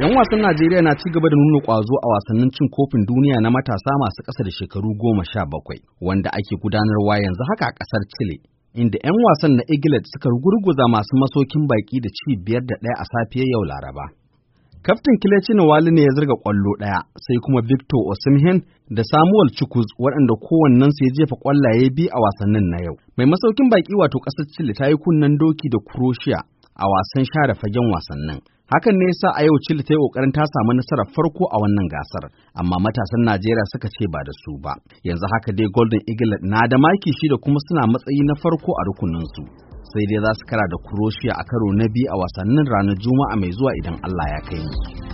'Yan wasan Najeriya na ci gaba da nuna ƙwazo a wasannin cin kofin duniya na matasa masu ƙasa da shekaru goma sha bakwai, wanda ake gudanarwa yanzu haka a ƙasar Chile, inda 'yan wasan na England suka gurguza masu masokin baƙi da ci biyar da ɗaya a safiya yau Laraba. Kaftin Kileci Wali ne ya zirga ƙwallo ɗaya, sai kuma Victor Osimhen da Samuel Chukwuz waɗanda su ya jefa ƙwallaye biyu a wasannin na yau. Mai masaukin baƙi wato ƙasar Chile ta yi kunnen doki da Croatia a wasan share fagen wasannin. Hakan ne yasa a yau Chile ta yi ƙoƙarin ta samu nasarar farko a wannan gasar, amma matasan Najeriya suka ce ba da su ba. Yanzu haka dai Golden Eagle na da maki shi da kuma suna matsayi na farko a rukuninsu. Sai dai za su kara da Croatia a karo na biyu a wasannin ranar Juma'a mai zuwa idan Allah ya kai mu.